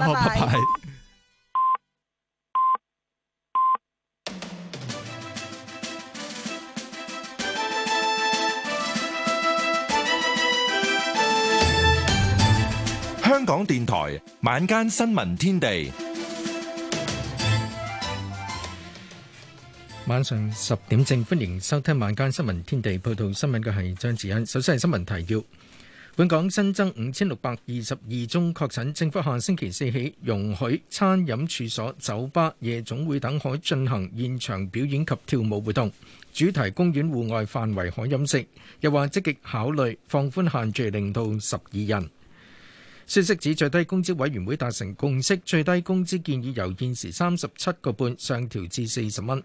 好，拜拜。香港電台晚間新聞天地，晚上十點正，歡迎收聽晚間新聞天地。報道新聞嘅係張子欣。首先係新聞提要。本港新增五千六百二十二宗確診，政府下星期四起容許餐飲處所、酒吧、夜總會等可進行現場表演及跳舞活動，主題公園戶外範圍可飲食。又話積極考慮放寬限聚令到十二人。消息指最低工資委員會達成共識，最低工資建議由現時三十七個半上調至四十蚊。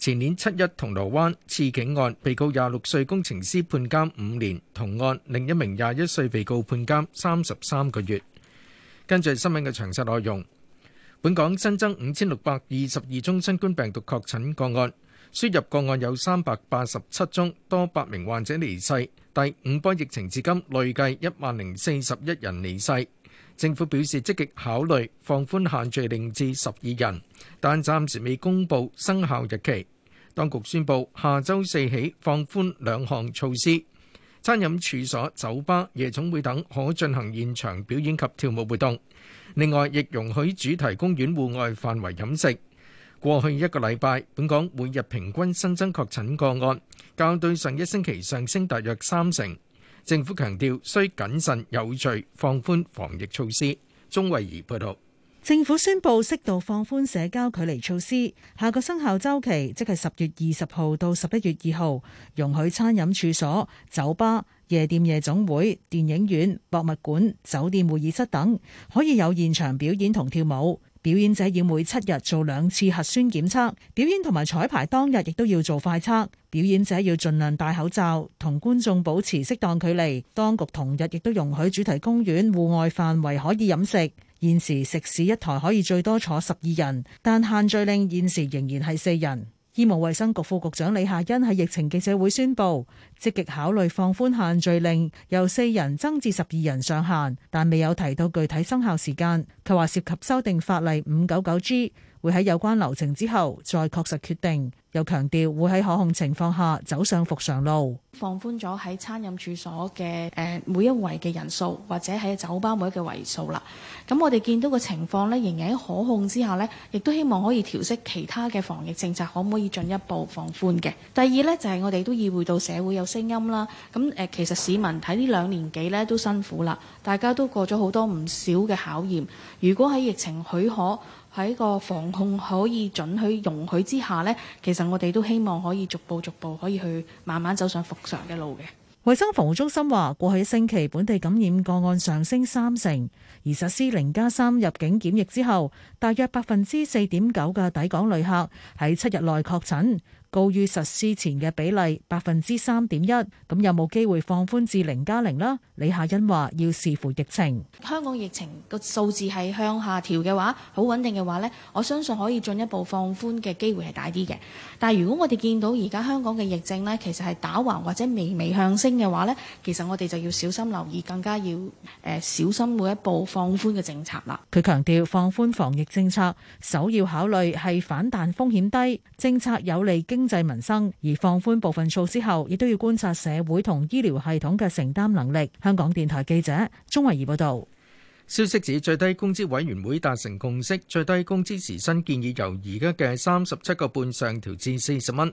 前年七一銅鑼灣刺警案被告廿六歲工程師判監五年，同案另一名廿一歲被告判監三十三個月。跟住新聞嘅詳細內容，本港新增五千六百二十二宗新冠病毒確診個案，輸入個案有三百八十七宗，多百名患者離世。第五波疫情至今累計一萬零四十一人離世。政府表示積極考慮放寬限聚令至十二人，但暫時未公布生效日期。當局宣布下週四起放寬兩項措施，餐飲處所、酒吧、夜總會等可進行現場表演及跳舞活動。另外，亦容許主題公園戶外範圍飲食。過去一個禮拜，本港每日平均新增確診個案較對上一星期上升大約三成。政府強調需謹慎有序放寬防疫措施。鍾慧儀報導，政府宣布適度放寬社交距離措施，下個生效週期即係十月二十號到十一月二號，容許餐飲處所、酒吧、夜店、夜總會、電影院、博物館、酒店會議室等可以有現場表演同跳舞。表演者要每七日做兩次核酸檢測，表演同埋彩排當日亦都要做快測，表演者要盡量戴口罩，同觀眾保持適當距離，當局同日亦都容許主題公園戶外範圍可以飲食。現時食肆一台可以最多坐十二人，但限聚令現時仍然係四人。醫務衛生局副局長李夏欣喺疫情記者會宣布。積極考慮放寬限聚令，由四人增至十二人上限，但未有提到具體生效時間。佢話涉及修訂法例 599G，會喺有關流程之後再確實決定。又強調會喺可控情況下走上復常路。放寬咗喺餐飲處所嘅誒每一位嘅人數，或者喺酒吧每一個位數啦。咁我哋見到嘅情況咧，仍然喺可控之下呢，亦都希望可以調適其他嘅防疫政策，可唔可以進一步放寬嘅？第二呢，就係我哋都意會到社會有聲音啦，咁誒，其實市民睇呢兩年幾呢都辛苦啦，大家都過咗好多唔少嘅考驗。如果喺疫情許可喺個防控可以准許容許之下呢，其實我哋都希望可以逐步逐步可以去慢慢走上復常嘅路嘅。衞生防護中心話，過去一星期本地感染個案上升三成，而實施零加三入境檢疫之後，大約百分之四點九嘅抵港旅客喺七日內確診。高於實施前嘅比例百分之三點一，咁有冇機會放寬至零加零咧？0? 李夏茵話：要視乎疫情。香港疫情個數字係向下調嘅話，好穩定嘅話呢，我相信可以進一步放寬嘅機會係大啲嘅。但係如果我哋見到而家香港嘅疫症呢，其實係打橫或者微微向升嘅話呢，其實我哋就要小心留意，更加要誒小心每一步放寬嘅政策啦。佢強調放寬防疫政策，首要考慮係反彈風險低，政策有利經。經濟民生。而放寬部分措施後，亦都要觀察社會同醫療系統嘅承擔能力。香港電台記者鍾慧儀報道，消息指最低工資委員會達成共識，最低工資時薪建議由而家嘅三十七個半上調至四十蚊。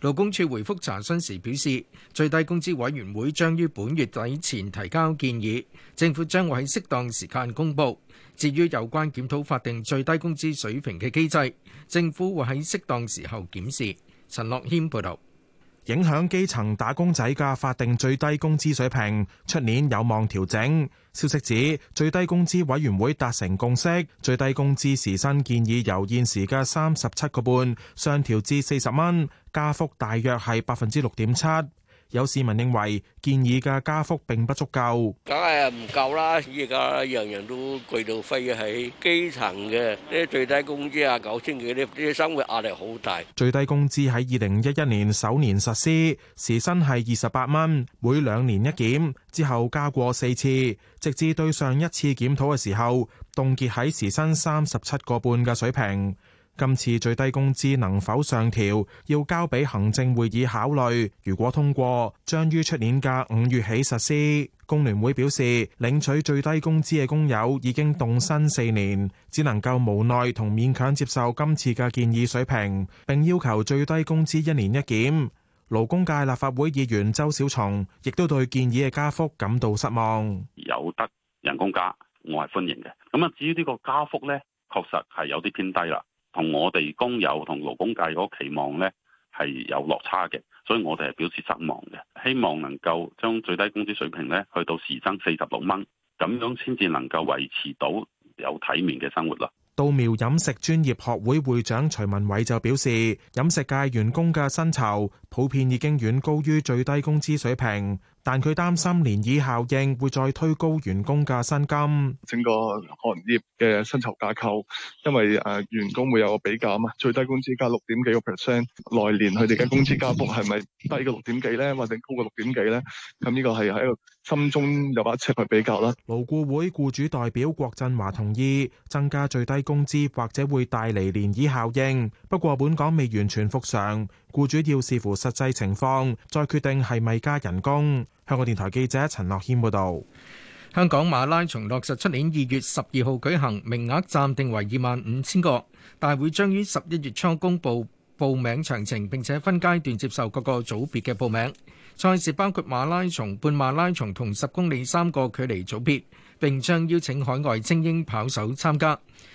勞工處回覆查詢時表示，最低工資委員會將於本月底前提交建議，政府將會喺適當時間公布。至於有關檢討法定最低工資水平嘅機制，政府會喺適當時候檢視。陳樂謙報道。影響基層打工仔嘅法定最低工資水平，出年有望調整。消息指，最低工資委員會達成共識，最低工資時薪建議由現時嘅三十七個半上調至四十蚊，加幅大約係百分之六點七。有市民認為建議嘅加幅並不足夠，梗係唔夠啦！依家人人都攰到飛起，基層嘅最低工資啊九千幾啲，啲生活壓力好大。最低工資喺二零一一年首年實施，時薪係二十八蚊，每兩年一檢，之後加過四次，直至對上一次檢討嘅時候凍結喺時薪三十七個半嘅水平。今次最低工資能否上調，要交俾行政會議考慮。如果通過，將於出年嘅五月起實施。工聯會表示，領取最低工資嘅工友已經凍薪四年，只能夠無奈同勉強接受今次嘅建議水平，並要求最低工資一年一檢。勞工界立法會議員周小松亦都對建議嘅加幅感到失望。有得人工加，我係歡迎嘅。咁啊，至於呢個加幅咧，確實係有啲偏低啦。同我哋工友同勞工界嗰期望呢係有落差嘅，所以我哋係表示失望嘅。希望能夠將最低工資水平呢去到時薪四十六蚊，咁樣先至能夠維持到有體面嘅生活啦。稻苗飲食專業學會會長徐文偉就表示，飲食界員工嘅薪酬普遍已經遠高於最低工資水平，但佢擔心漣漪效應會再推高員工嘅薪金，整個行業嘅薪酬架構，因為誒員工會有個比較啊。最低工資加六點幾個 percent，來年佢哋嘅工資加幅係咪低過六點幾咧，或者高過六點幾咧？咁呢個係喺度心中有把尺去比較啦。勞顧會僱主代表郭振華同意增加最低工資，或者會帶嚟漣漪效應。不過，本港未完全復常。僱主要視乎實際情況再決定係咪加人工。香港電台記者陳樂謙報道，香港馬拉松落實出年二月十二號舉行，名額暫定為二萬五千個，大會將於十一月初公布報名詳情，並且分階段接受各個組別嘅報名。賽事包括馬拉松、半馬拉松同十公里三個距離組別，並將邀請海外精英跑手參加。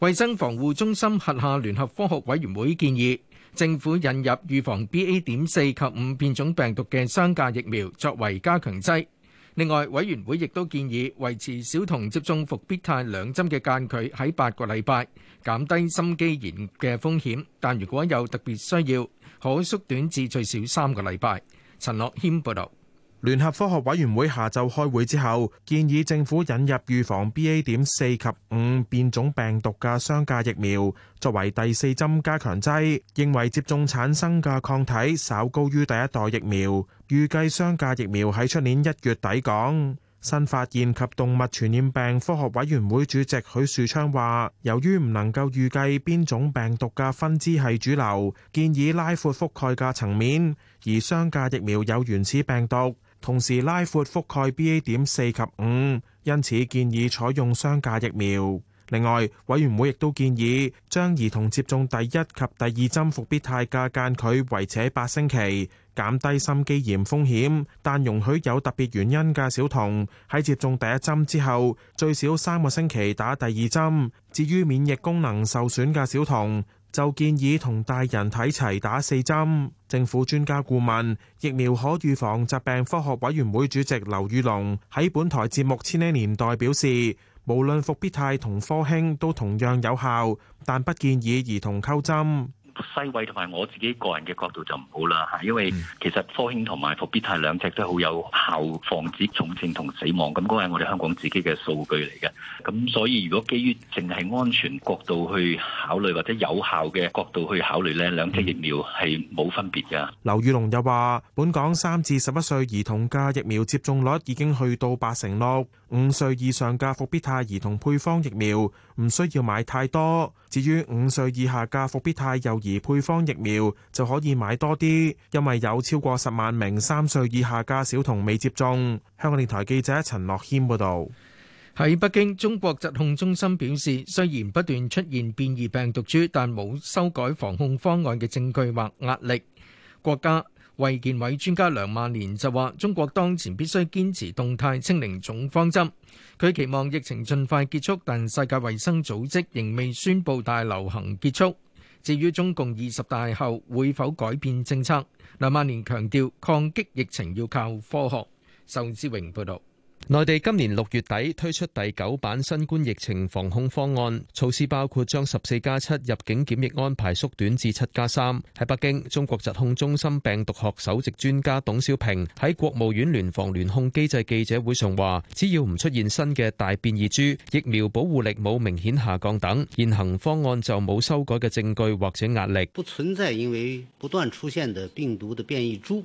衞生防護中心轄下聯合科學委員會建議，政府引入預防 BA. 點四及五變種病毒嘅雙價疫苗作為加強劑。另外，委員會亦都建議維持小童接種復必泰兩針嘅間距喺八個禮拜，減低心肌炎嘅風險。但如果有特別需要，可縮短至最少三個禮拜。陳樂謙報道。聯合科學委員會下晝開會之後，建議政府引入預防 B.A. 點四及五變種病毒嘅雙價疫苗作為第四針加強劑，認為接種產生嘅抗體稍高於第一代疫苗。預計雙價疫苗喺出年一月抵港。新發現及動物傳染病科學委員會主席許樹昌話，由於唔能夠預計邊種病毒嘅分支係主流，建議拉闊覆蓋嘅層面，而雙價疫苗有原始病毒。同時拉闊覆蓋 B A 點四及五，因此建議採用雙價疫苗。另外，委員會亦都建議將兒童接種第一及第二針復必泰嘅間距維持八星期，減低心肌炎風險。但容許有特別原因嘅小童喺接種第一針之後最少三個星期打第二針。至於免疫功能受損嘅小童，就建議同大人睇齊打四針。政府專家顧問疫苗可預防疾病科學委員會主席劉宇龍喺本台節目《千禧年代》表示，無論復必泰同科興都同樣有效，但不建議兒童溝針。西位同埋我自己個人嘅角度就唔好啦嚇，因為其實科興同埋復必泰兩隻都好有效防止重症同死亡，咁嗰係我哋香港自己嘅數據嚟嘅。咁所以如果基於淨係安全角度去考慮，或者有效嘅角度去考慮呢兩隻疫苗係冇分別嘅。劉宇龍又話：本港三至十一歲兒童嘅疫苗接種率已經去到八成六，五歲以上嘅復必泰兒童配方疫苗。唔需要買太多。至於五歲以下嘅復必泰幼兒配方疫苗，就可以買多啲，因為有超過十萬名三歲以下嘅小童未接種。香港電台記者陳樂謙報道。喺北京，中國疾控中心表示，雖然不斷出現變異病毒株，但冇修改防控方案嘅證據或壓力。國家衛健委專家梁萬年就話，中國當前必須堅持動態清零總方針。佢期望疫情盡快結束，但世界衛生組織仍未宣布大流行結束。至於中共二十大後會否改變政策，梁萬年強調，抗擊疫情要靠科學。仇志榮報道。內地今年六月底推出第九版新冠疫情防控方案，措施包括將十四加七入境檢疫安排縮短至七加三。喺北京，中國疾控中心病毒學首席專家董小平喺國務院聯防聯控機制記者會上話，只要唔出現新嘅大變異株，疫苗保護力冇明顯下降等，現行方案就冇修改嘅證據或者壓力。不存在因為不斷出現的病毒的變異株。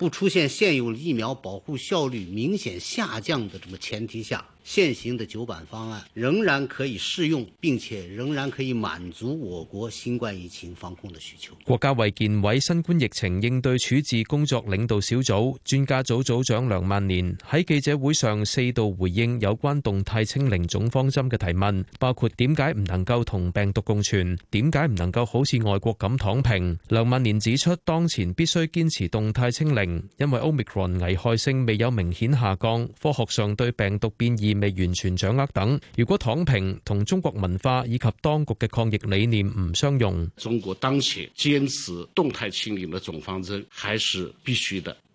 不出現現有疫苗保護效率明顯下降的這麼前提下，現行的九版方案仍然可以適用，並且仍然可以滿足我國新冠疫情防控的需求。國家衛健委新冠疫情應對處置工作領導小組專家組組長梁萬年喺記者會上四度回應有關動態清零總方針嘅提問，包括點解唔能夠同病毒共存，點解唔能夠好似外國咁躺平。梁萬年指出，當前必須堅持動態清零。因為奧密克戎危害性未有明顯下降，科學上對病毒變異未完全掌握等，如果躺平同中國文化以及當局嘅抗疫理念唔相容，中國當前堅持動態清零嘅總方針還是必須的。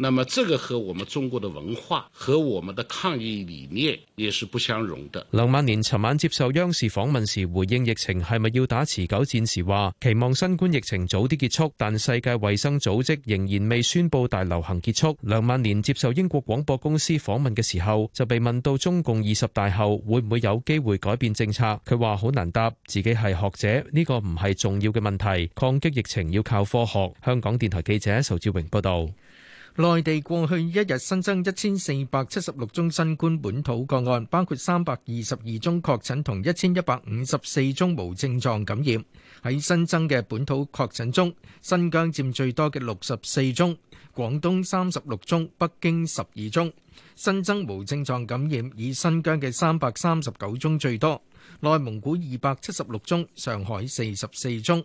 那麼這個和我們中國的文化和我們的抗疫理念也是不相容的。梁萬年尋晚接受央視訪問時回應疫情係咪要打持久戰時話期望新冠疫情早啲結束，但世界衛生組織仍然未宣布大流行結束。梁萬年接受英國廣播公司訪問嘅時候就被問到中共二十大後會唔會有機會改變政策，佢話好難答，自己係學者，呢個唔係重要嘅問題，抗擊疫情要靠科學。香港電台記者仇志榮報道。內地過去一日新增一千四百七十六宗新冠本土個案，包括三百二十二宗確診同一千一百五十四宗無症狀感染。喺新增嘅本土確診中，新疆佔最多嘅六十四宗，廣東三十六宗，北京十二宗。新增無症狀感染以新疆嘅三百三十九宗最多，內蒙古二百七十六宗，上海四十四宗。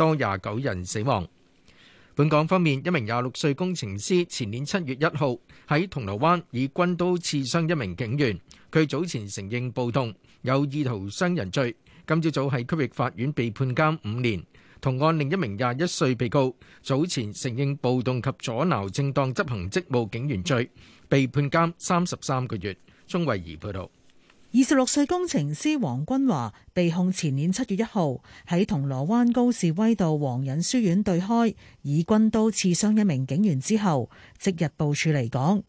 多廿九人死亡。本港方面，一名廿六歲工程師前年七月一號喺銅鑼灣以軍刀刺傷一名警員，佢早前承認暴動，有意圖傷人罪。今朝早喺區域法院被判監五年。同案另一名廿一歲被告早前承認暴動及阻撓正當執行職務警員罪，被判監三十三個月。鐘慧怡報導。二十六歲工程師黃君華被控前年七月一號喺銅鑼灣高士威道皇仁書院對開以軍刀刺傷一名警員之後，即日部署離港。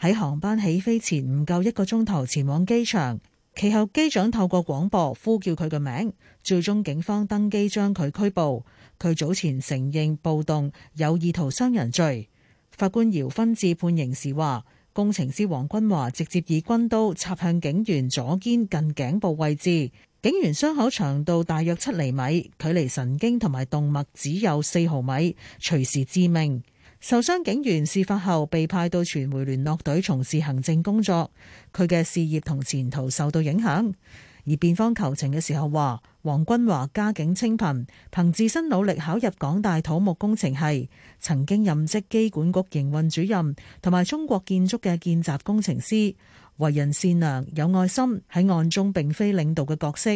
喺航班起飛前唔夠一個鐘頭前往機場，其後機長透過廣播呼叫佢嘅名，最終警方登機將佢拘捕。佢早前承認暴動、有意圖傷人罪。法官姚勳至判刑時話。工程師黃君華直接以軍刀插向警員左肩近頸部位置，警員傷口長度大約七厘米，距離神經同埋動脈只有四毫米，隨時致命。受傷警員事發後被派到傳媒聯絡隊從事行政工作，佢嘅事業同前途受到影響。而辯方求情嘅時候話。黃君華家境清貧，憑自身努力考入港大土木工程系，曾經任職機管局營運主任同埋中國建築嘅見習工程師，為人善良有愛心。喺案中並非領導嘅角色，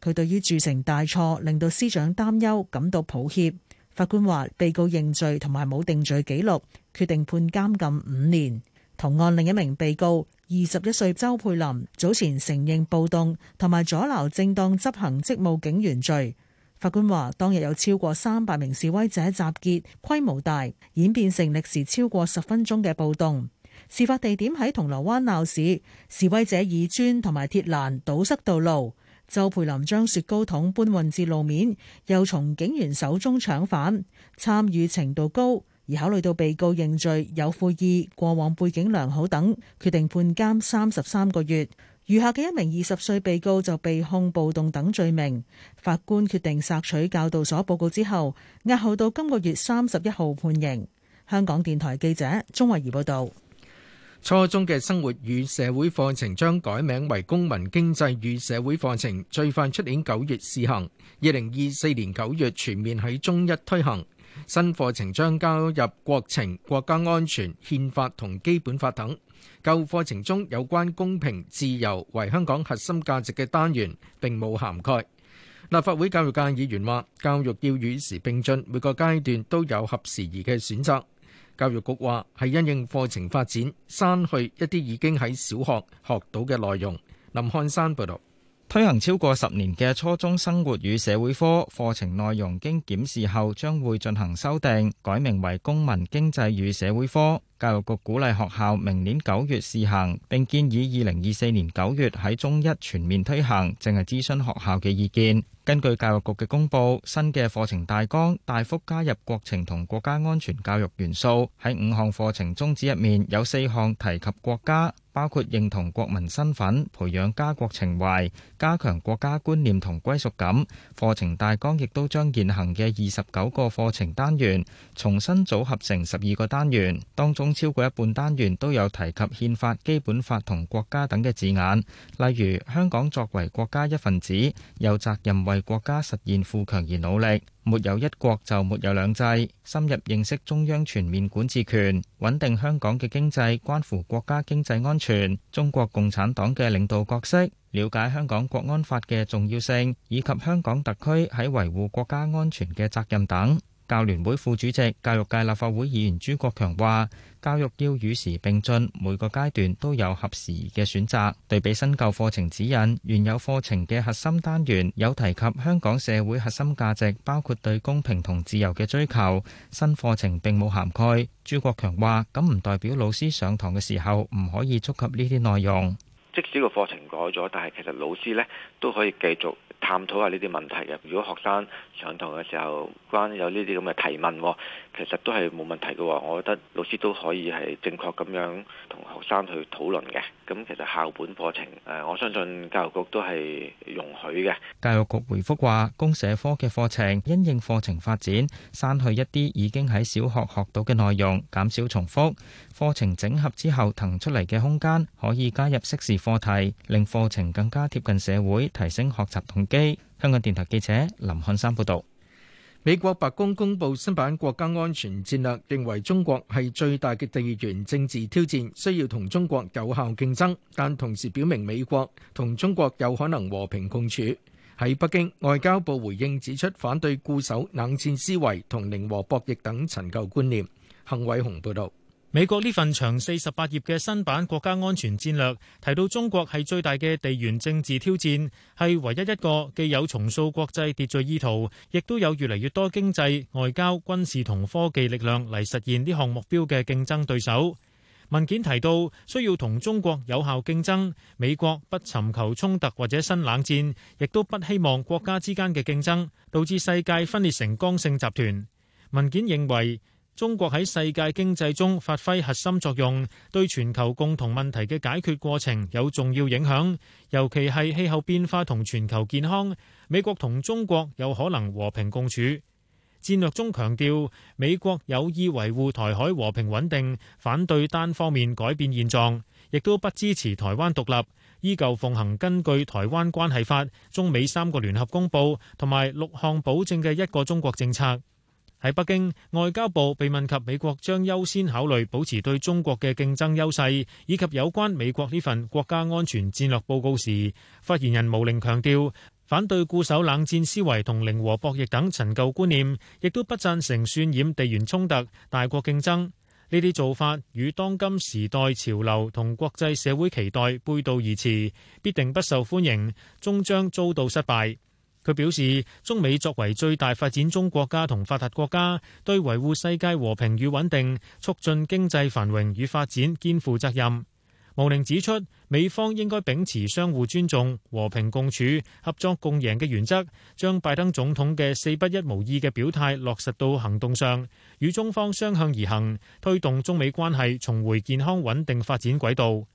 佢對於鑄成大錯令到司長擔憂感到抱歉。法官話被告認罪同埋冇定罪記錄，決定判監禁五年。同案另一名被告。二十一歲周佩林早前承認暴動同埋阻撓正當執行職務警員罪。法官話當日有超過三百名示威者集結，規模大，演變成歷時超過十分鐘嘅暴動。事發地點喺銅鑼灣鬧市，示威者以磚同埋鐵欄堵塞道路。周佩林將雪糕桶搬運至路面，又從警員手中搶返，參與程度高。而考慮到被告認罪、有悔意、過往背景良好等，決定判監三十三個月。餘下嘅一名二十歲被告就被控暴動等罪名，法官決定索取教導所報告之後，押後到今個月三十一號判刑。香港電台記者鍾慧儀報道。初中嘅生活與社會課程將改名為公民經濟與社會課程，最快出年九月試行，二零二四年九月全面喺中一推行。新課程將加入國情、國家安全、憲法同基本法等舊課程中有關公平、自由為香港核心價值嘅單元並冇涵蓋。立法會教育界議員話：教育要與時並進，每個階段都有合時宜嘅選擇。教育局話係因應課程發展刪去一啲已經喺小學學到嘅內容。林漢山報道。推行超過十年嘅初中生活與社會科課程內容，經檢視後，將會進行修訂，改名為公民、經濟與社會科。教育局鼓勵學校明年九月試行，並建議二零二四年九月喺中一全面推行，淨係諮詢學校嘅意見。根據教育局嘅公布，新嘅課程大綱大幅加入國情同國家安全教育元素，喺五項課程宗旨入面有四項提及國家。包括認同國民身份、培養家國情懷、加強國家觀念同歸屬感。課程大綱亦都將現行嘅二十九個課程單元重新組合成十二個單元，當中超過一半單元都有提及憲法、基本法同國家等嘅字眼。例如，香港作為國家一份子，有責任為國家實現富強而努力。沒有一國就沒有兩制，深入認識中央全面管治權，穩定香港嘅經濟，關乎國家經濟安全，中國共產黨嘅領導角色，了解香港國安法嘅重要性，以及香港特區喺維護國家安全嘅責任等。教聯會副主席、教育界立法會議員朱國強話。教育要與時並進每個階段都有合時嘅選擇對比新舊課程指引原有課程嘅核心單元有提及香港社會核心價值包括對公平同自由嘅追求新課程並冇涵蓋朱國強話咁唔代表老師上堂嘅時候唔可以觸及呢啲內容即使個課程改咗但係其實老師呢都可以繼續探討下呢啲問題嘅，如果學生上堂嘅時候，關於有呢啲咁嘅提問，哦，其實都係冇問題嘅，哦。我覺得老師都可以係正確咁樣同學生去討論嘅。咁其實校本課程，誒，我相信教育局都係容許嘅。教育局回覆話，公社科嘅課程因應課程發展，刪去一啲已經喺小學學到嘅內容，減少重複，課程整合之後騰出嚟嘅空間，可以加入適時課題，令課程更加貼近社會，提升學習動機。香港電台記者林漢山報道。美國白宮公布新版國家安全戰略，認為中國係最大嘅地緣政治挑戰，需要同中國有效競爭，但同時表明美國同中國有可能和平共處。喺北京，外交部回應指出，反對固守冷戰思維同零和博弈等陳舊觀念。恆偉雄報導。美國呢份長四十八頁嘅新版國家安全戰略提到，中國係最大嘅地緣政治挑戰，係唯一一個既有重塑國際秩序意圖，亦都有越嚟越多經濟、外交、軍事同科技力量嚟實現呢項目標嘅競爭對手。文件提到，需要同中國有效競爭。美國不尋求衝突或者新冷戰，亦都不希望國家之間嘅競爭導致世界分裂成剛性集團。文件認為，中國喺世界經濟中發揮核心作用，對全球共同問題嘅解決過程有重要影響，尤其係氣候變化同全球健康。美國同中國有可能和平共處。戰略中強調美國有意維護台海和平穩定，反對單方面改變現狀，亦都不支持台灣獨立，依舊奉行根據《台灣關係法》、中美三個聯合公佈同埋六項保證嘅一個中國政策。喺北京，外交部被問及美國將優先考慮保持對中國嘅競爭優勢，以及有關美國呢份國家安全戰略報告時，發言人毛寧強調，反對固守冷戰思維同零和博弈等陳舊觀念，亦都不贊成渲染地緣衝突、大國競爭呢啲做法，與當今時代潮流同國際社會期待背道而馳，必定不受歡迎，終將遭到失敗。佢表示，中美作為最大發展中國家同發達國家，對維護世界和平與穩定、促進經濟繁榮與發展肩負責任。毛寧指出，美方應該秉持相互尊重、和平共處、合作共贏嘅原則，將拜登總統嘅「四不一無意」嘅表態落實到行動上，與中方相向而行，推動中美關係重回健康穩定發展軌道。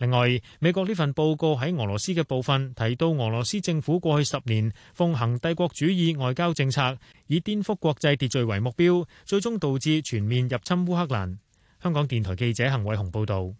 另外，美國呢份報告喺俄羅斯嘅部分提到，俄羅斯政府過去十年奉行帝國主義外交政策，以顛覆國際秩序為目標，最終導致全面入侵烏克蘭。香港電台記者陳偉雄報導。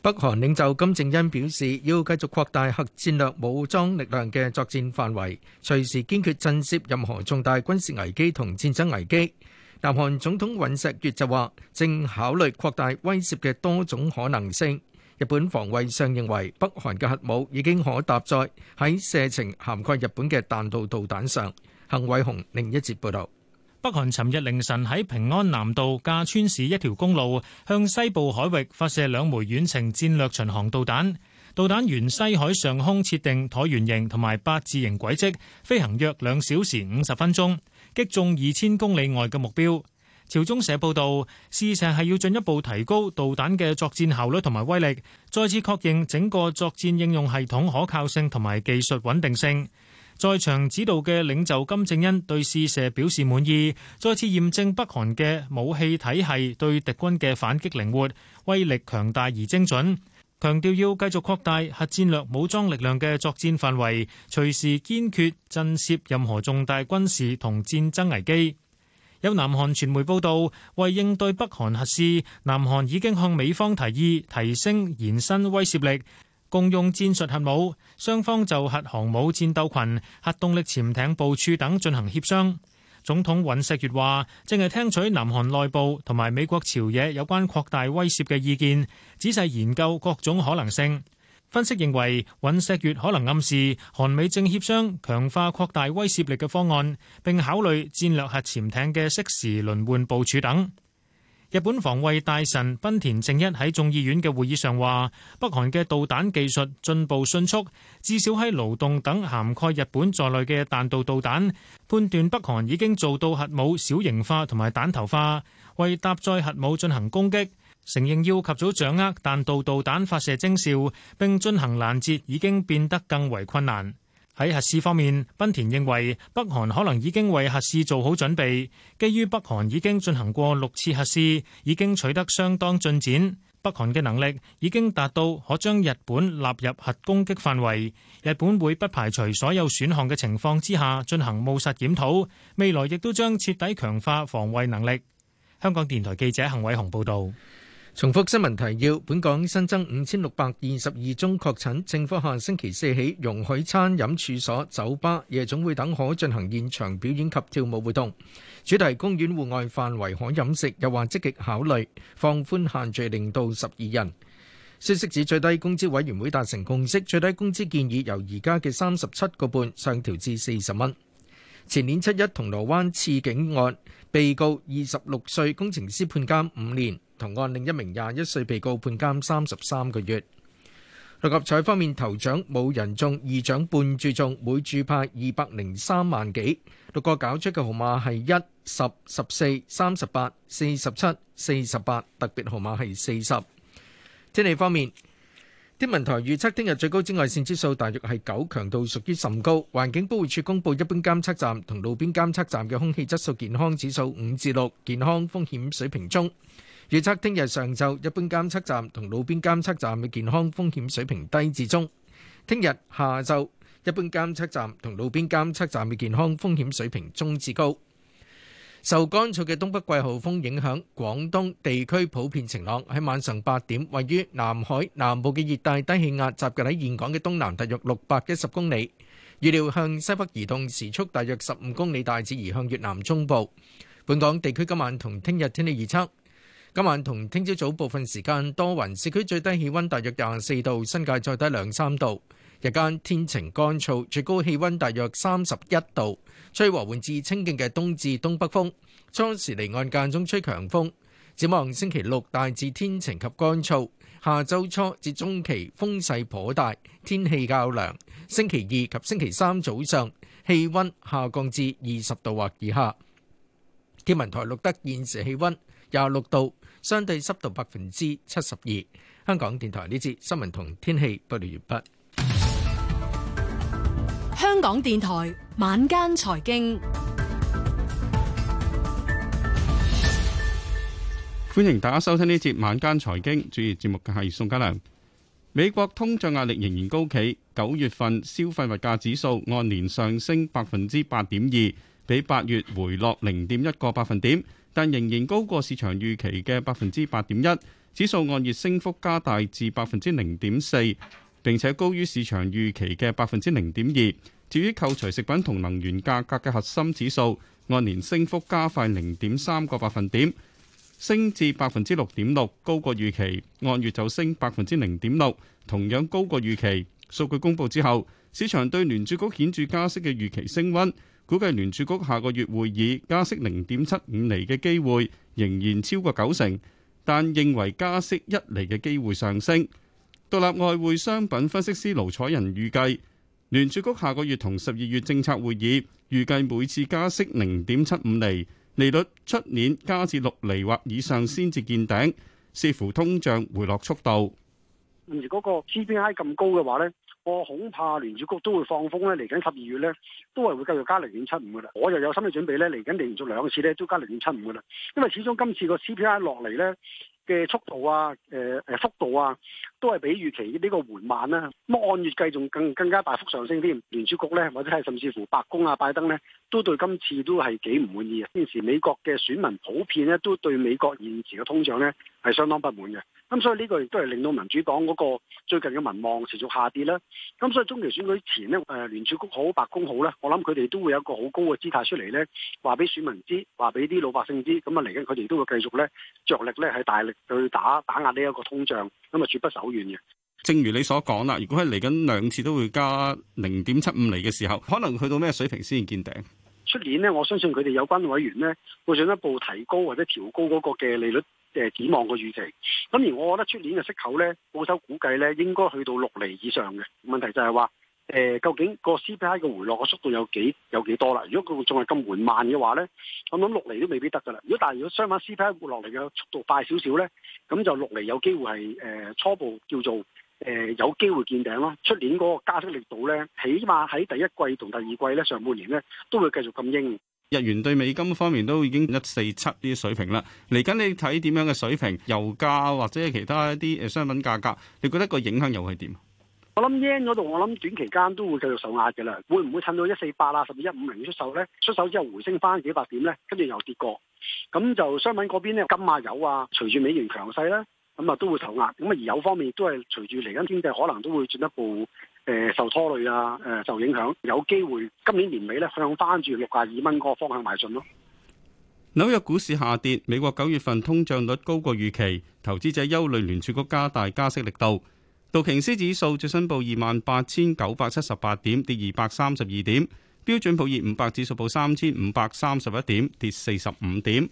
北韓領袖金正恩表示，要繼續擴大核戰略武裝力量嘅作戰範圍，隨時堅決震懾任何重大軍事危機同戰爭危機。南韓總統尹錫悅就話，正考慮擴大威懾嘅多種可能性。日本防衞相認為北韓嘅核武已經可搭載喺射程涵蓋日本嘅彈道導彈上。恆偉雄，另一節報導，北韓尋日凌晨喺平安南道駕川市一條公路向西部海域發射兩枚遠程戰略巡航導彈，導彈沿西海上空設定橢圓形同埋八字形軌跡，飛行約兩小時五十分鐘，擊中二千公里外嘅目標。朝中社報道，試射係要進一步提高導彈嘅作戰效率同埋威力，再次確認整個作戰應用系統可靠性、同埋技術穩定性。在場指導嘅領袖金正恩對試射表示滿意，再次驗證北韓嘅武器體系對敵軍嘅反擊靈活、威力強大而精準，強調要繼續擴大核戰略武裝力量嘅作戰範圍，隨時堅決震懾任何重大軍事同戰爭危機。有南韓傳媒報道，為應對北韓核試，南韓已經向美方提議提升延伸威懾力，共用戰術核武，雙方就核航母戰鬥群、核動力潛艇部署等進行協商。總統尹錫悅話：正係聽取南韓內部同埋美國朝野有關擴大威懾嘅意見，仔細研究各種可能性。分析認為，尹錫悅可能暗示韓美正協商強化擴大威懾力嘅方案，並考慮戰略核潛艇嘅適時輪換部署等。日本防衛大臣濱田正一喺眾議院嘅會議上話：北韓嘅導彈技術進步迅速，至少喺勞動等涵蓋日本在內嘅彈道導彈，判斷北韓已經做到核武小型化同埋彈頭化，為搭載核武進行攻擊。承認要及早掌握彈道導彈發射徵兆並進行攔截已經變得更為困難。喺核試方面，濱田認為北韓可能已經為核試做好準備。基於北韓已經進行過六次核試，已經取得相當進展，北韓嘅能力已經達到可將日本納入核攻擊範圍。日本會不排除所有選項嘅情況之下進行務實檢討，未來亦都將徹底強化防衛能力。香港電台記者幸偉雄報道。重複新聞提要：本港新增五千六百二十二宗確診。政府下星期四起容許餐飲處所、酒吧、夜總會等可進行現場表演及跳舞活動。主題公園戶外範圍可飲食又或積極，又話積極考慮放寬限聚令到十二人。消息指最低工資委員會達成共識，最低工資建議由而家嘅三十七個半上調至四十蚊。前年七一銅鑼灣刺警案，被告二十六歲工程師判監五年。同案另一名廿一歲被告判監三十三個月。六合彩方面，頭獎冇人中，二獎半注中，每注派二百零三萬幾。六個攪出嘅號碼係一、十、十四、三十八、四十七、四十八，特別號碼係四十。天氣方面，天文台預測聽日最高紫外線指數大約係九，強度屬於甚高。環境保護署公布，一般監測站同路邊監測站嘅空氣質素健康指數五至六，健康風險水平中。預測聽日上晝一般監測站同路邊監測站嘅健康風險水平低至中。聽日下晝一般監測站同路邊監測站嘅健康風險水平中至高。受乾燥嘅東北季候風影響，廣東地區普遍晴朗。喺晚上八點，位於南海南部嘅熱帶低氣壓，集結喺現港嘅東南，大約六百一十公里。預料向西北移動，時速大約十五公里，大致移向越南中部。本港地區今晚同聽日天氣預測。今晚同聽朝早部分時間多雲，市區最低氣温大約廿四度，新界再低兩三度。日間天晴乾燥，最高氣温大約三十一度，吹和緩至清勁嘅東至東北風。初時離岸間中吹強風。展望星期六大致天晴及乾燥，下週初至中期風勢頗大，天氣較涼。星期二及星期三早上氣温下降至二十度或以下。天文台錄得現時氣温廿六度。相對濕度百分之七十二。香港電台呢節新聞同天氣報道，完畢。香港電台晚間財經，歡迎大家收聽呢節晚間財經。主持節目嘅係宋家良。美國通脹壓力仍然高企，九月份消費物價指數按年上升百分之八點二，比八月回落零點一個百分點。但仍然高過市場預期嘅百分之八點一，指數按月升幅加大至百分之零點四，並且高於市場預期嘅百分之零點二。至於扣除食品同能源價格嘅核心指數，按年升幅加快零點三個百分點，升至百分之六點六，高過預期。按月就升百分之零點六，同樣高過預期。數據公佈之後，市場對聯儲局顯著加息嘅預期升溫。估計聯儲局下個月會議加息0.75釐嘅機會仍然超過九成，但認為加息一釐嘅機會上升。獨立外匯商品分析師盧彩仁預計聯儲局下個月同十二月政策會議，預計每次加息0.75釐，利率出年加至六釐或以上先至見頂，視乎通脹回落速度。如果個 CPI 咁高嘅話呢？我恐怕聯儲局都會放風咧，嚟緊十二月咧都係會繼續加零點七五嘅啦。我又有心理準備咧，嚟緊連續兩次咧都加零點七五嘅啦。因為始終今次個 CPI 落嚟咧嘅速度啊，誒、呃、誒、呃、幅度啊，都係比預期呢個緩慢啦，咁按月計仲更更加大幅上升添。聯儲局呢，或者係甚至乎白宮啊，拜登呢，都對今次都係幾唔滿意嘅。現時美國嘅選民普遍呢，都對美國現時嘅通脹呢係相當不滿嘅。咁所以呢個亦都係令到民主黨嗰個最近嘅民望持續下跌啦。咁所以中期選舉前呢，誒、呃、聯儲局好，白宮好呢，我諗佢哋都會有一個好高嘅姿態出嚟呢，話俾選民知，話俾啲老百姓知。咁啊嚟緊佢哋都會繼續呢，着力呢，係大力去打打壓呢一個通脹。咁啊，絕不手軟嘅。正如你所講啦，如果係嚟緊兩次都會加零點七五厘嘅時候，可能去到咩水平先見頂？出年呢，我相信佢哋有關委員呢會進一步提高或者調高嗰個嘅利率嘅，呃，展望個預期。咁而我覺得出年嘅息口呢，保守估計呢應該去到六厘以上嘅問題就係話。誒，究竟個 CPI 嘅回落嘅速度有幾有幾多啦？如果佢仲係咁緩慢嘅話咧，我諗落嚟都未必得噶啦。如果但係如果相反 CPI 回落嚟嘅速度快少少咧，咁就落嚟有機會係誒、呃、初步叫做誒、呃、有機會見頂咯。出年嗰個加息力度咧，起碼喺第一季同第二季咧，上半年咧，都會繼續咁鷹。日元對美金方面都已經一四七啲水平啦。嚟緊你睇點樣嘅水平，油價或者係其他一啲誒商品價格，你覺得個影響又係點？我諗 yen 度，我諗短期間都會繼續受壓嘅啦。會唔會趁到一四八啊，甚至一五零出手咧？出手之後回升翻幾百點咧，跟住又跌過。咁就商品嗰邊呢，金啊、油啊，隨住美元強勢咧，咁啊都會受壓。咁啊，而油方面亦都係隨住嚟緊經濟可能都會進一步誒受拖累啊，誒受影響。有機會今年年尾咧向翻住六廿二蚊嗰個方向邁進咯。紐約股市下跌，美國九月份通脹率高過預期，投資者憂慮聯儲局加大加息力度。道瓊斯指數最新報二萬八千九百七十八點，跌二百三十二點；標準普爾五百指數報三千五百三十一點，跌四十五點。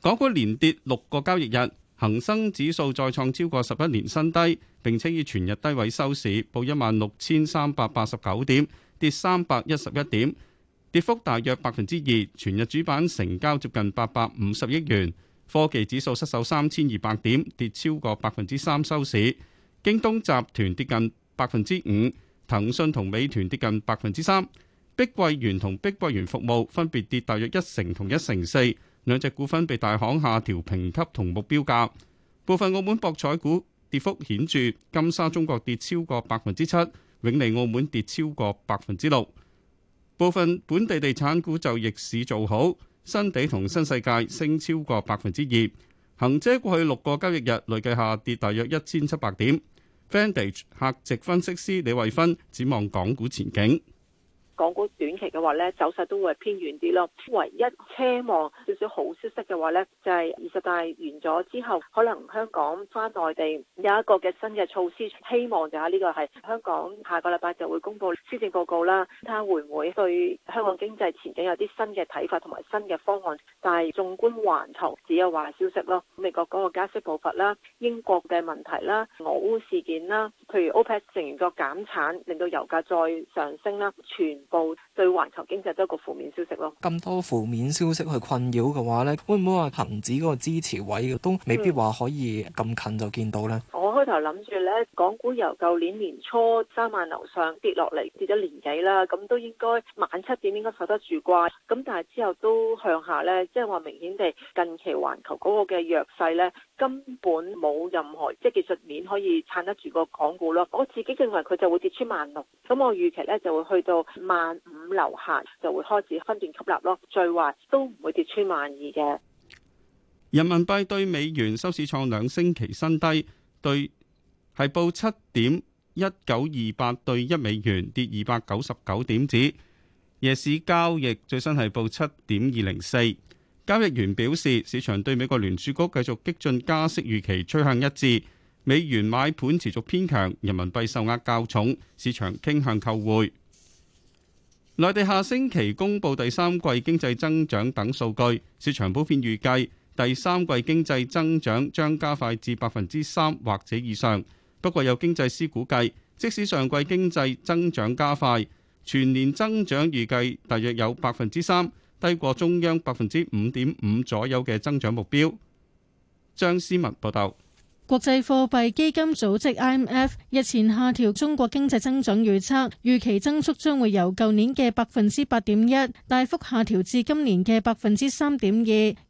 港股連跌六個交易日，恒生指數再創超過十一年新低，並且以全日低位收市，報一萬六千三百八十九點，跌三百一十一點，跌幅大約百分之二。全日主板成交接近八百五十億元。科技指數失守三千二百點，跌超過百分之三，收市。京東集團跌近百分之五，騰訊同美團跌近百分之三，碧桂園同碧桂園服務分別跌大約一成同一成四，兩隻股份被大行下調評級同目標價。部分澳門博彩股跌幅顯著，金沙中國跌超過百分之七，永利澳門跌超過百分之六。部分本地地產股就逆市做好，新地同新世界升超過百分之二。恒指過去六個交易日累計下跌大約一千七百點。Vantage 客席分析師李慧芬展望港股前景。港股短期嘅話咧，走勢都會偏軟啲咯。唯一奢望少少好消息嘅話咧，就係二十大完咗之後，可能香港翻內地有一個嘅新嘅措施，希望就下、是、呢、這個係香港下個禮拜就會公布施政報告啦。睇下會唔會對香港經濟前景有啲新嘅睇法同埋新嘅方案。但係縱觀環球，只有壞消息咯。美國嗰個加息步伐啦，英國嘅問題啦，俄烏事件啦，譬如 OPEC 成員國減產，令到油價再上升啦，全。報對環球經濟都係個負面消息咯，咁多負面消息去困擾嘅話呢，會唔會話恒指嗰個支持位都未必話可以咁近就見到呢？嗯、我開頭諗住呢，港股由舊年年初三萬樓上跌落嚟，跌咗年幾啦，咁都應該萬七點應該受得住啩？咁但係之後都向下呢，即係話明顯地近期環球嗰個嘅弱勢呢，根本冇任何即係技術面可以撐得住個港股咯。我自己認為佢就會跌出萬六，咁我預期呢就會去到。萬五樓下就會開始分段吸納咯，最壞都唔會跌穿萬二嘅。人民幣對美元收市創兩星期新低，對係報七點一九二八對一美元，跌二百九十九點子。夜市交易最新係報七點二零四。交易員表示，市場對美國聯儲局繼續激進加息預期趨向一致，美元買盤持續偏強，人民幣受壓較重，市場傾向購匯。內地下星期公布第三季經濟增長等數據，市場普遍預計第三季經濟增長將加快至百分之三或者以上。不過，有經濟師估計，即使上季經濟增長加快，全年增長預計大約有百分之三，低過中央百分之五點五左右嘅增長目標。張思文報道。國際貨幣基金組織 IMF 日前下調中國經濟增長預測，預期增速將會由舊年嘅百分之八點一大幅下調至今年嘅百分之三點二。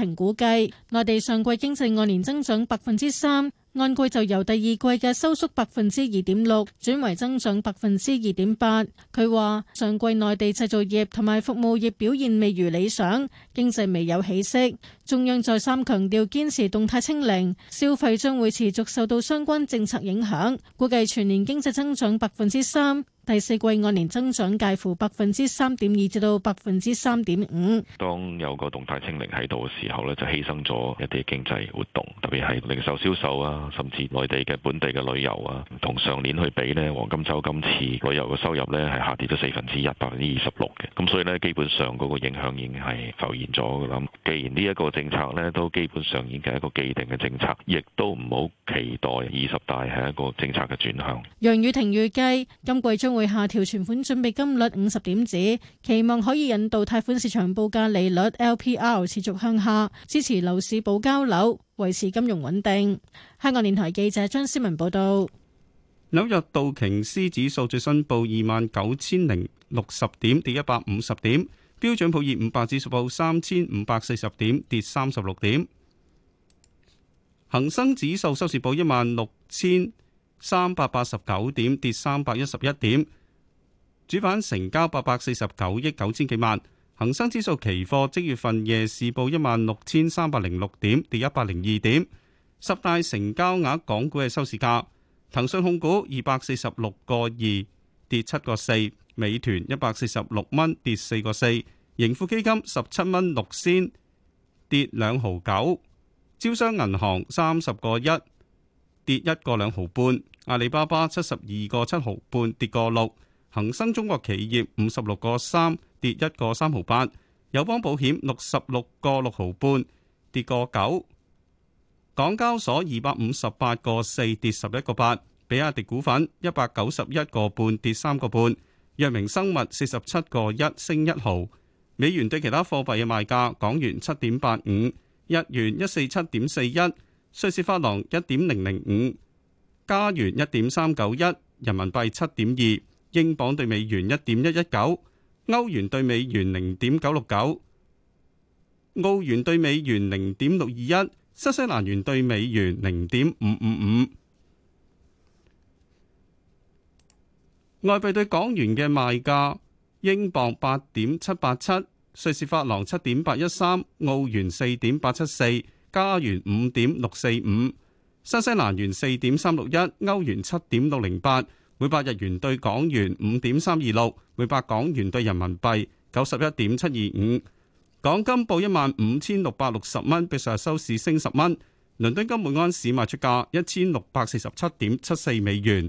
評估計，內地上季經濟按年增長百分之三，按季就由第二季嘅收縮百分之二點六轉為增長百分之二點八。佢話，上季內地製造業同埋服務業表現未如理想。經濟未有起色，中央再三強調堅持動態清零，消費將會持續受到相關政策影響。估計全年經濟增長百分之三，第四季按年增長介乎百分之三點二至到百分之三點五。當有個動態清零喺度嘅時候呢，就犧牲咗一啲經濟活動，特別係零售銷售啊，甚至內地嘅本地嘅旅遊啊，同上年去比咧，黃金周今次旅遊嘅收入呢係下跌咗四分之一，百分之二十六嘅。咁所以呢，基本上嗰個影響已經係浮現。咁，既然呢一個政策咧都基本上已經係一個既定嘅政策，亦都唔好期待二十大係一個政策嘅轉向。楊宇霆預計今季將會下調存款準備金率五十點子，期望可以引導貸款市場報價利率 LPR 持續向下，支持樓市保交樓，維持金融穩定。香港電台記者張思文報道。紐約道瓊斯指數最新報二萬九千零六十點，跌一百五十點。標準普爾五百指數報三千五百四十點，跌三十六點。恒生指數收市報一萬六千三百八十九點，跌三百一十一點。主板成交八百四十九億九千幾萬。恒生指數期貨即月份夜市報一萬六千三百零六點，跌一百零二點。十大成交額港股嘅收市價，騰訊控股二百四十六個二，跌七個四。美團一百四十六蚊，跌四個四；盈富基金十七蚊六仙，跌兩毫九；招商銀行三十個一，跌一個兩毫半；阿里巴巴七十二個七毫半，跌個六；恒生中國企業五十六個三，跌一個三毫八；友邦保險六十六個六毫半，跌個九；港交所二百五十八個四，跌十一個八；比亞迪股份一百九十一個半，跌三個半。藥明生物四十七個一，升一毫。美元對其他貨幣嘅賣價：港元七點八五，日元一四七點四一，瑞士法郎一點零零五，加元一點三九一，人民幣七點二，英鎊兌美元一點一一九，歐元兌美元零點九六九，澳元兌美元零點六二一，新西蘭元兌美元零點五五五。外幣對港元嘅賣價：英鎊八點七八七，瑞士法郎七點八一三，澳元四點八七四，加元五點六四五，新西蘭元四點三六一，歐元七點六零八。每百日元對港元五點三二六，每百港元對人民幣九十一點七二五。港金報一萬五千六百六十蚊，比上日收市升十蚊。倫敦金每安士賣出價一千六百四十七點七四美元。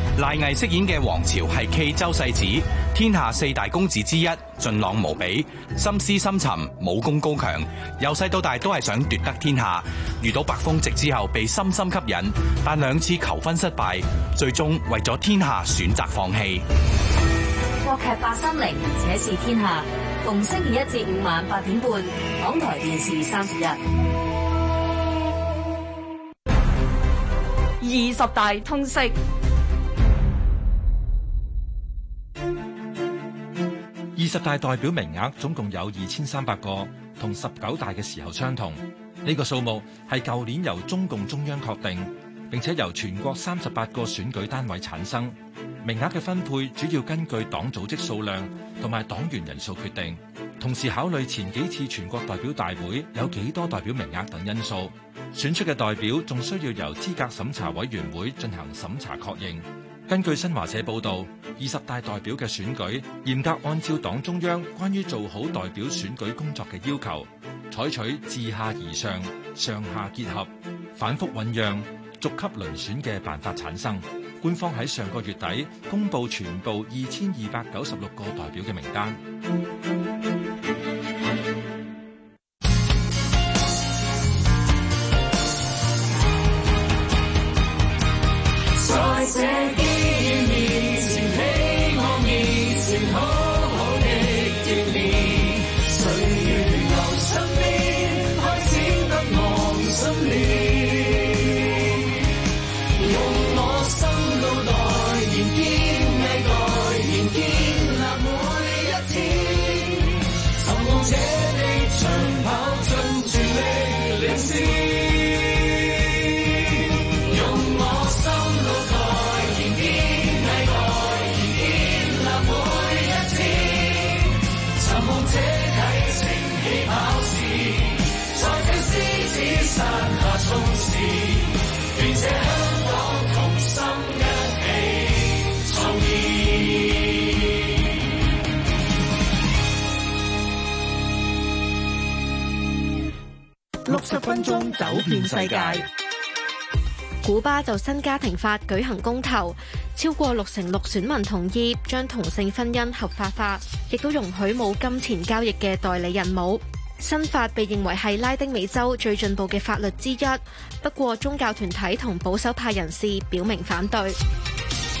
賴藝飾演嘅皇朝係冀州世子，天下四大公子之一，俊朗無比，心思深沉，武功高強，由細到大都係想奪得天下。遇到白風夕之後，被深深吸引，但兩次求婚失敗，最終為咗天下選擇放棄。國劇八三零，且試天下，逢星期一至五晚八點半，港台電視三十一。二十大通識。二十大代表名額總共有二千三百個，同十九大嘅時候相同。呢個數目係舊年由中共中央確定，並且由全國三十八個選舉單位產生。名額嘅分配主要根據黨組織數量同埋黨員人數決定，同時考慮前幾次全國代表大會有幾多代表名額等因素。選出嘅代表仲需要由資格審查委員會進行審查確認。根據新華社報導，二十大代表嘅選舉嚴格按照黨中央關於做好代表選舉工作嘅要求，採取自下而上、上下結合、反覆醖釀、逐級遴選嘅辦法產生。官方喺上個月底公佈全部二千二百九十六個代表嘅名單。分鐘走遍世界。古巴就新家庭法舉行公投，超過六成六選民同意將同性婚姻合法化，亦都容許冇金錢交易嘅代理孕母。新法被認為係拉丁美洲最進步嘅法律之一，不過宗教團體同保守派人士表明反對。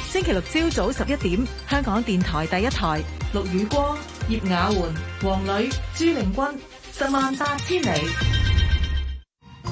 星期六朝早十一點，香港電台第一台，陸雨光、葉雅媛、黃磊、朱玲君，十萬八千里。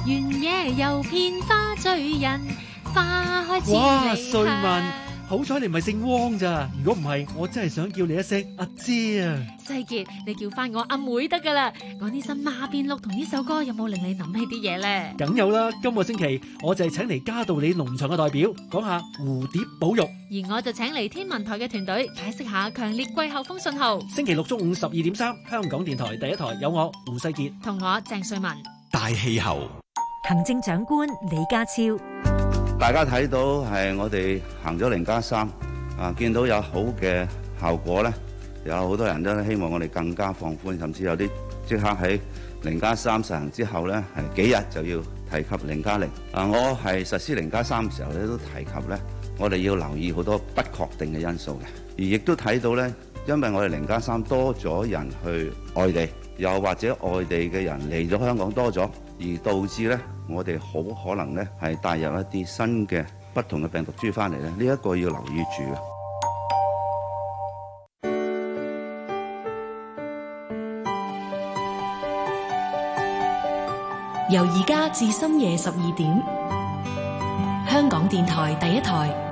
原野又片花醉人，花開始離開。哇，瑞文，好彩你唔係姓汪咋，如果唔係，我真係想叫你一聲阿姐啊。世杰，你叫翻我阿妹得噶啦。我呢首馬鞭鹿同呢首歌有冇令你諗起啲嘢咧？梗有啦，今個星期我就係請嚟嘉道理農場嘅代表講下蝴蝶保育，而我就請嚟天文台嘅團隊解釋下強烈季候風信號。星期六中午十二點三，香港電台第一台有我胡世杰同我鄭瑞文大氣候。行政長官李家超，大家睇到係我哋行咗零加三啊，見到有好嘅效果咧，有好多人都希望我哋更加放寬，甚至有啲即刻喺零加三實行之後咧，係幾日就要提及零加零啊，我係實施零加三嘅時候咧，都提及咧，我哋要留意好多不確定嘅因素嘅，而亦都睇到咧，因為我哋零加三多咗人去外地，又或者外地嘅人嚟咗香港多咗。而導致咧，我哋好可能咧係帶入一啲新嘅不同嘅病毒株翻嚟咧，呢一個要留意住嘅。由而家至深夜十二點，香港電台第一台。